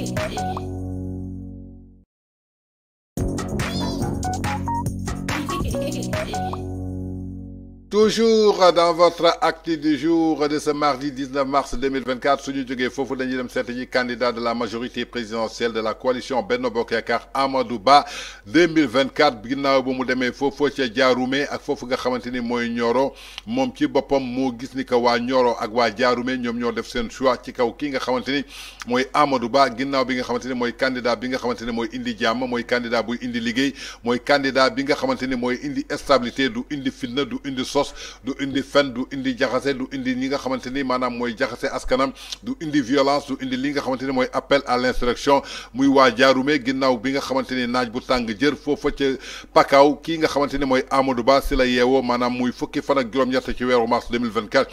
Thank you. toujours dans votre acte du jour de ce mardi 19 mars 2024 su ñu jógee dañuy candidat de la majorité présidentielle de la coalition Benno Bokk Amadou Ba 2024 ginnaaw bu mu demee foofu ca Diaroumé ak foofu nga xamante ni mooy Nioro moom ci boppam moo gis ni que ak waa Diaroumé ñoom ñoo def sen choix ci kaw ki nga xamante Amadou Ba ginnaaw bi candidat bi nga xamante indi Diam, candidat buy indi liggéey Moy candidat bi nga indi stabilité du indi fitna du indi sos du indi fen du indi jaxase du indi ñi nga xamante ni maanaam mooy jaxase askanam du indi violence du indi li nga xamante ni appel à l'insurrection muy waa jaarume ginnaaw bi nga xamante ni naaj bu tàng jër foofa ca pakaaw kii nga xamante ni mooy Amadou Ba si la yeewoo maanaam muy fukki fan ak juróom-ñett ci weeru mars 2024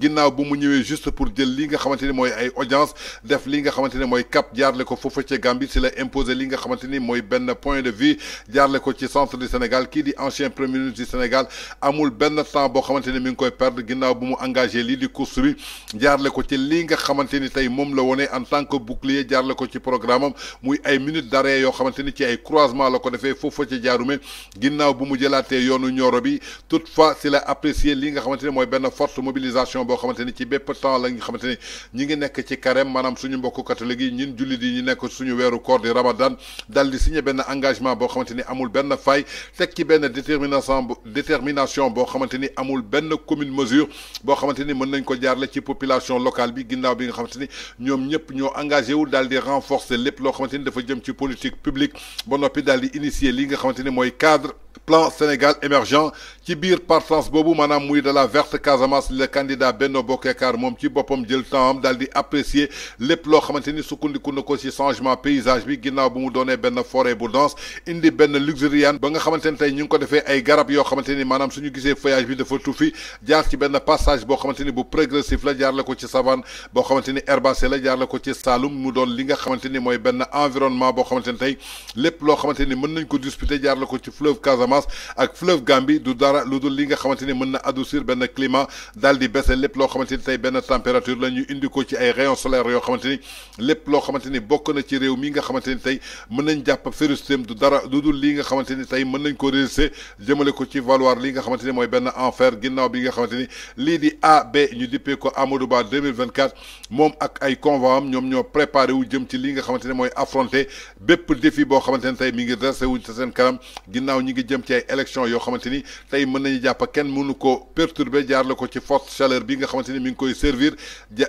ginnaaw bu mu ñëwee juste pour jël li nga xamante ni mooy ay audience def li nga xamante ni cap jaarle ko foofa ca Gambie si la imposé li nga xamante ni mooy benn point de vue jaarle ko ci centre du Sénégal kii di ancien premier ministre du Sénégal amul benn de bo xamanteni mi ngi koy perdre ginnaaw bu mu engagé lii di course bi jaarle ko ci li nga xamanteni ni tey moom la wone en tant que bouclier jaarle ko ci programme am muy ay minute d'arrêt yoo xamanteni ci ay croisement la ko defee foofu ci jaarume ginnaaw bu mu jëlaatee yoonu Nioro bi toutefois si la apprécier li nga xamanteni ni mooy benn forte mobilisation boo xamanteni ci bépp temps la nga xamanteni ñi ngi nekk ci carême maanaam suñu mbokku catholique yi ñun jullit yi ñi nekk suñu weeru koor di ramadan dal di signé benn engagement boo xamanteni amul benn fay teg ci benn détermination détermination boo xamanteni ni amul comme commune mesure boo xamante ni mën nañ ko jaarale ci population locale bi ginnaaw bi nga xamante ni ñoom ñoo engagé wu daal di renforcer lépp loo xamante ni dafa jëm ci politique publique bon noppi d'aller di initier li nga xamante ni cadre plan Sénégal émergent ci par partance Bobu, manam muy de la verte Casamance le candidat Benno Bokk Mom moom ci boppam jël temps daldi apprécier lepp lo xamanteni ni sukkandiku ko ci changement paysage bi ginnaw bu mu donné ben forêt bu dense indi ben luxuriant ba nga xamanteni tay ñu ko défé ay garab yo xamanteni manam suñu gisé feuillage bi dafa tuufi jaar ci ben passage bo xamanteni bu progressif la jaar le ko ci savane bo xamanteni herbacé la jaar la ko ci Saloum mu don li nga environnement bo xamanteni tay lepp maintenir xamanteni nañ ko disputer jaar ci fleuve Casamance ak fleuve Gambie du dara lu li nga xamanteni ni mën na adoucir ben climat dal di baisse lepp lo xamanteni tay ben benn température la indi ko ci ay rayons solaires yo xamanteni lepp lo xamanteni xamante bokk na ci réew mi nga xamanteni tay tey mën nañ jàpp férocité du dara lu li nga xamanteni tay tey mën nañ ko résister jëmele ko ci valoir li nga xamanteni moy ben enfer ginnaw bi nga xamanteni li lii di AB ñu dippé ko Amadou Ba 2024 mom ak ay convoam ñom ñoo préparé wu jëm ci li nga xamanteni moy affronter bépp défi bo xamanteni tay mi ngi dressé wu ci seen karam ginnaw ñi ngi jëm ci ay élection yoo xamante ni tey mën nañu jàpp kenn mënu ko perturber jaar ko ci force chaleur bi nga xamante ni mi ngi koy servir ja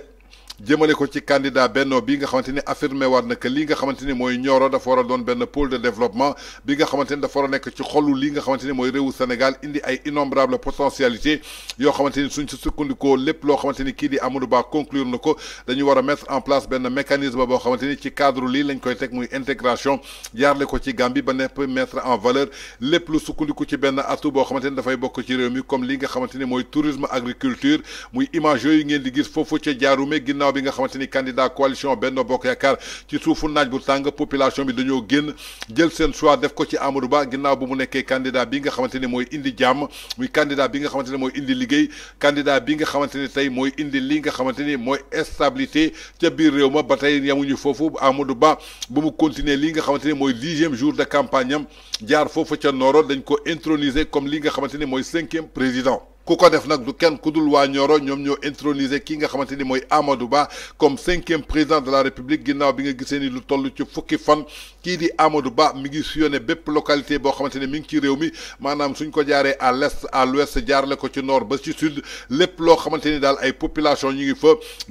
jëmale ko ci candidat Benno bi nga xamante ni affirmé war na que li nga xamante ni mooy Nioro dafa war a doon benn pôle de développement bi nga xamante ni dafa war a nekk ci xolu li nga xamante ni mooy réewu Sénégal indi ay innombrable potentialités yoo xamante ni suñ si sukkandikoo lépp loo xamante ni kii di Amadou Ba conclure na ko dañu war a mettre en place benn mécanisme boo xamante ni ci cadre lii lañ koy teg muy intégration jaarle ko ci Gambie ba nepp mettre en valeur lépp lu sukkandiku ci benn atout boo xamante ni dafay bokk ci réew mi comme li nga xamante ni mooy tourisme agriculture muy image yooyu ngeen di gis foofu ca jaarume ginnaaw ginnaaw bi nga xamante ni candidat coalition benn Bokk Yaakaar ci suufu naaj bu tàng population bi dañoo génn jël seen choix def ko ci Amadou Ba ginnaaw bu mu nekkee candidat bi nga xamante ni mooy indi jàmm muy bi nga xamante ni mooy indi liggéey candidat bi nga xamante ni tey mooy indi li nga xamante ni mooy stabilité ca biir réew ma ba tey yamuñu foofu Amadou Ba bu mu continuer li nga xamante ni mooy dixième jour de campagne am jaar foofu ca Nooro dañ ko introniser comme li nga xamante ni mooy cinquième président ku ko def nag du kenn ku dul waa Nioro ñoom ñoo introniser ki nga xamante ni mooy Amadou Ba comme cinquième président de la République ginnaaw bi nga gisee ni lu toll ci fukki fan kii di Amadou Ba mi ngi sillonné bépp localité boo xamante ni mi ngi ci réew mi maanaam suñ ko jaaree à l'est à l'ouest jaarale ko ci nord ba ci sud lépp loo xamante ni daal ay population ñu ngi fa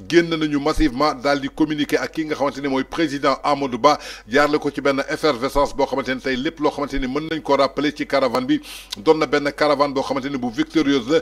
génn nañu massivement daal di communiquer ak ki nga xamante ni mooy président Amadou Ba jaarale ko ci benn effervescence boo xamante ni tey lépp loo xamante ni mën nañ ko rappeler ci caravane bi doon na benn caravane boo xamante ni bu victorieuse la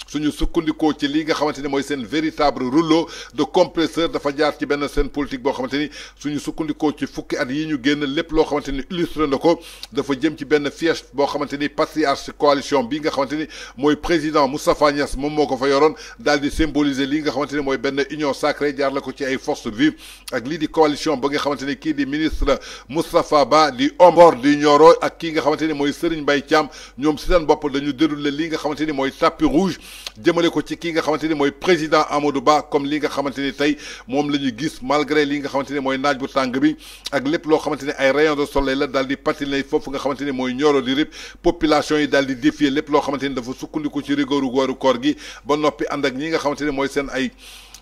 suñu sukkandikoo ci li nga xamante ni mooy seen véritable rouleau de compresseur dafa jaar ci benn seen politique boo xamante ni suñu sukkandikoo ci fukki at yi ñu génn lépp loo xamante ni illustré na ko dafa jëm ci benn fief boo xamante ni patriarche coalition bi nga xamante ni mooy président Moustapha Niass moom moo ko fa yoroon daal di symboliser li nga xamante ni mooy benn union sacrée jaar la ko ci ay force vive ak lii di coalition ba nga xamante ni kii di ministre Moustapha Ba di Ombor di Nioro ak kii nga xamante ni mooy Serigne Mbaye Thiam ñoom si seen bopp dañu déroulé li nga xamante ni mooy tapis rouge jëmale ko ci ki nga xamanteni moy président Amadou Ba comme li nga xamanteni tay mom moom gis malgré li nga xamanteni moy mooy naaj bu tàng bi ak lepp lo xamanteni ay rayon de soleil la daldi di patiner foofu nga xamanteni moy ñoro di Rip population yi daldi défier lepp lo xamanteni dafa sukkandiku ci rigooru goru koor gi ba nopi ànd ak ñi nga xamanteni moy sen ay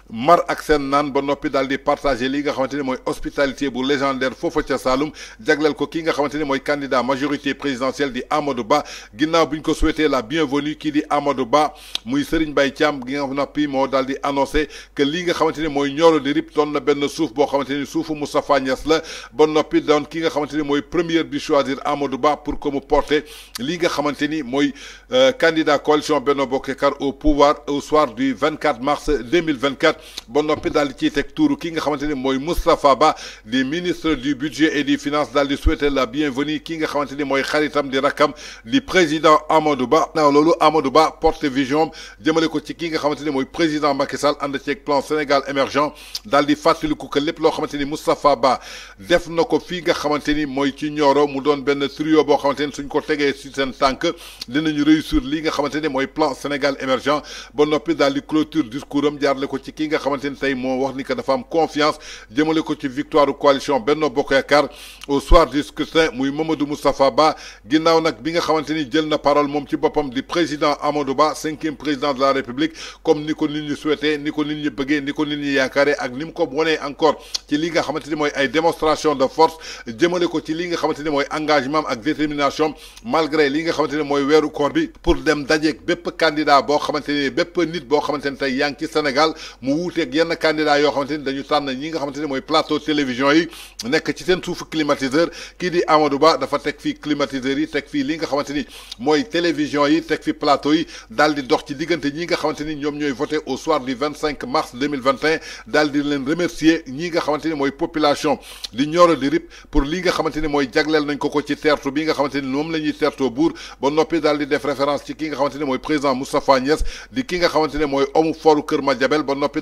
mar ak sen nan ba nopi daal di partagé li nga xamanteni moy hospitalité bu légendaire fofu ca Saloum jagleel ko ki nga xamanteni moy candidat majorité présidentielle di Amadou Ba ginnaw buñ ko souhaité la bienvenue ki di Amadou Ba muy Serigne Mbaye Thiam gi nga noppi mo daal di annoncé que li nga xamanteni moy ñoro de Rip ton na ben souf bo xamanteni ni Moustapha Niasse la ba nopi don ki nga xamanteni moy première bi choisir Amadou Ba pour comme mu porter li nga xamanteni moy euh, candidat coalition Benno bokkar au pouvoir au soir du 24 mars 2024 bon noppi daal di ciy teg ki nga xamanteni moy Mustafa Ba di ministre du budget et des finances dal di souhaiter la bienvenue ki nga xamanteni moy mooy xaritam di rakam di président Amadou Ba na lolu Amadou Ba porte vision jëmale ko ci ki nga xamanteni moy président Macky Sall and ci plan Sénégal émergent dal di fàttaliku que lépp lo xamanteni Mustafa Ba def nako fi nga xamanteni moy ci ñoro mu doon ben trio bo xamanteni suñ ko tegee ci sen tank dinañu réussir li nga xamanteni moy plan Sénégal émergent bon noppi daal di clôture discours am le ko ci ki nga xamanteni tay mo wax ni que dafa am confiance jëmele ko ci victoire coalition Benno Bokk Yaakaar au soir du scrutin muy Mamadou Moustapha Ba ginnaw nak bi nga xamanteni jël na parole mom ci bopam di président Amadou Ba cinquième président de la République comme niko nit ñi souhaité niko nit ñi bëggee niko nit ñi yaakaare ak ni ko wonee encore ci li nga xamanteni moy ay démonstration de force jëmele ko ci li nga xamanteni moy engagement ak détermination malgré li nga xamanteni moy mooy koor bi pour dem dajeeg bépp candidat bo xamanteni ni bépp nit bo xamanteni tay yang ci Sénégal mu wuuteeg yenn candidat yoo xamante ni dañu tànn ñi nga xamante ni mooy plateau télévision yi nekk ci seen suufu climatiseur kii di Amadou Ba dafa teg fii climatiseur yi teg fi li nga xamante ni télévision yi teg fi plateau yi daal di dox ci diggante ñi nga xamante ni ñoom ñooy voté au soir du 25 mars 2021 daal di leen remercier ñi nga xamante ni mooy population di Nioro di Rip pour li nga xamante ni mooy jagleel nañ ko ko ci tertu bi nga xamante ni moom la ñuy teertoo buur ba noppi daal di def référence ci ki nga xamante ni mooy président Moustapha Niass di ki nga xamante ni mooy homme fort Kër Madiabel ba noppi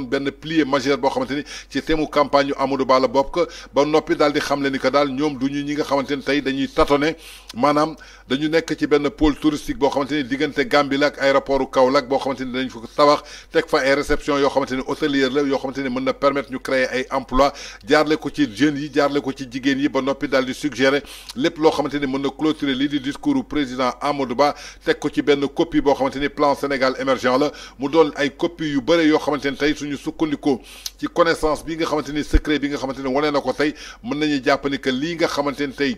doon benn plié majeur boo xamante ni ci temu campagne yu Amadou Ba la bokk ba noppi daal di xam le ni que daal ñoom du ñu ñi nga xamante ni tey dañuy tâtonner maanaam dañu nek ci ben pôle touristique bo xamanteni ni diggante Gambie la aéroport Kaolack bo xamanteni dañu fuk fa tabax teg fa ay réception yo xamanteni ni la yo xamanteni ni mën na permettre ñu créer ay emplois jaarlé ko ci jeune yi jaarlé ko ci jigéen yi ba nopi dal di suggérer lepp lo xamanteni ni mën na clôturer li di discoursu président Amadou Ba tek ko ci ben copie bo xamanteni plan Sénégal émergent la mu doon ay copie yu bëré yo xamanteni tay suñu sukkandikoo ci connaissance bi nga xamanteni secret bi nga xamanteni ni na ko tay mën nañu jàpp ni que li nga xamanteni tay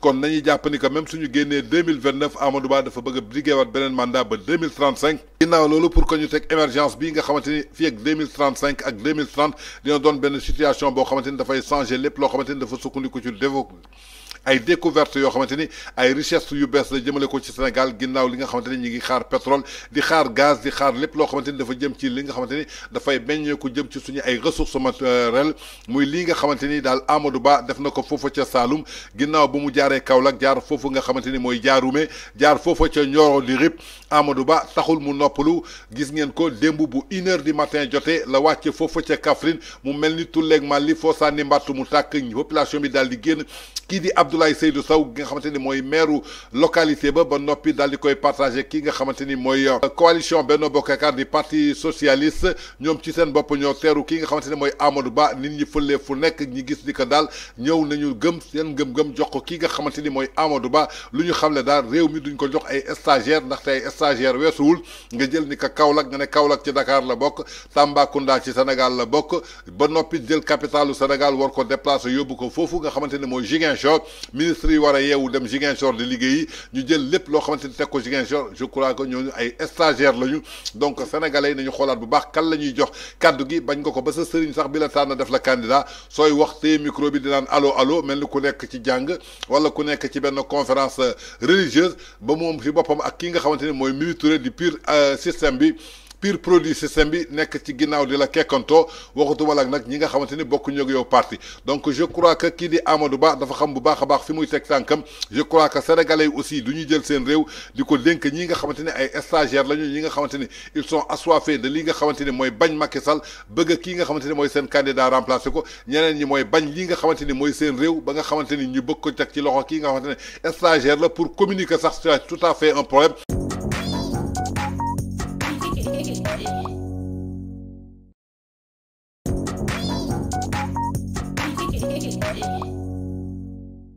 comme nous avons dit que même si nous avons gagné 2029, Amadouba a fait un brigade de Mandat pour 2035. Il y que pour connaître cette émergence, il y a 2035 et 2030, nous y a une situation nous a changé les plans, qui que nous devons... ay découverte yoo xamante ni ay richesse yu bees la jëmale ko ci Sénégal ginnaaw li nga xamante ni ñu ngi xaar pétrole di xaar gaz di xaar lépp loo xamante ni dafa jëm ci li nga xamante ni dafay meññeeku jëm ci suñu ay ressources matérielles muy lii nga xamante ni daal Amadou Ba def na ko foofa ca saalum ginnaaw ba mu jaaree Kaolack jaar foofu nga xamante ni mooy jaarume jaar foofa ca Nioro di Rip Amadou Ba taxul mu noppalu gis ngeen ko démb bu une heure matin jotee la wàcce foofa ca Kaffrine mu mel ni tulleeg Mali foo sànni mbàtt mu tàkk population bi daal di génn Abdoulaye Seydou Sow gi nga xamante ni mooy maire localité ba ba noppi daal di koy ki nga xamanteni moy euh, coalition Benno Bokk Yaakaar di parti socialiste ñom ci seen bop ñoo teeru ki nga xamanteni moy Amadou Ba nit ñi fëlee fu nek ñi gis ni ko daal ñëw nañu gëm seen gëm-gëm jox ko ki nga xamanteni moy Amadou Ba luñu xamlé xamle réew mi duñ ko jox ay stagiaire ndax tay stagiaire wessul nga jël ni ko Kaolack nga ne Kaolack ci Dakar la Tamba Kunda ci Sénégal la bok ba nopi jël capitalu Sénégal war ko déplacer yóbbu ko nga xamanteni moy Jigen Ziguinchor ministre yi war a yeewu dem Ziguinchor di liggéeyi ñu jël lépp loo xamante ni teg ko Ziguinchor je crois que ñooñu ay stagiaires lañu donc sénégalais yi nañu xoolaat bu baax kan la ñuy jox kaddu gi bañ nga ko ba sa sëriñ sax bi la tànn def la candidat sooy wax téye micro bi di naan allo allo mel ni ku nekk ci jàng wala ku nekk ci benn conférence religieuse ba moom fi boppam ak ki nga xamante ni mooy Mimi Touré di pur euh, système bi. pire produit système bi nek ci ginnaaw dila la kekkantoo waxatuma nak nag ñi nga xamante ni bokkuñu yow parti donc je crois que ki di Amadou Ba dafa xam bu baax a baax fi muy tek tànkam je crois que sénégalais aussi duñu jël sen rew diko ko dénk ñi nga xamante ay stagiaires lañu ñi nga xamante ils sont assoiffés de li nga xamanteni moy bagn bañ Macky Sall bëgg ki nga xamanteni moy sen candidat remplacer ko ñeneen ñi moy bagn li nga xamanteni moy sen rew ba nga xamanteni ñu bëgg ko teg ci loxo ki nga xamanteni ne stagiaire la pour communiquer sax tout à fait un problème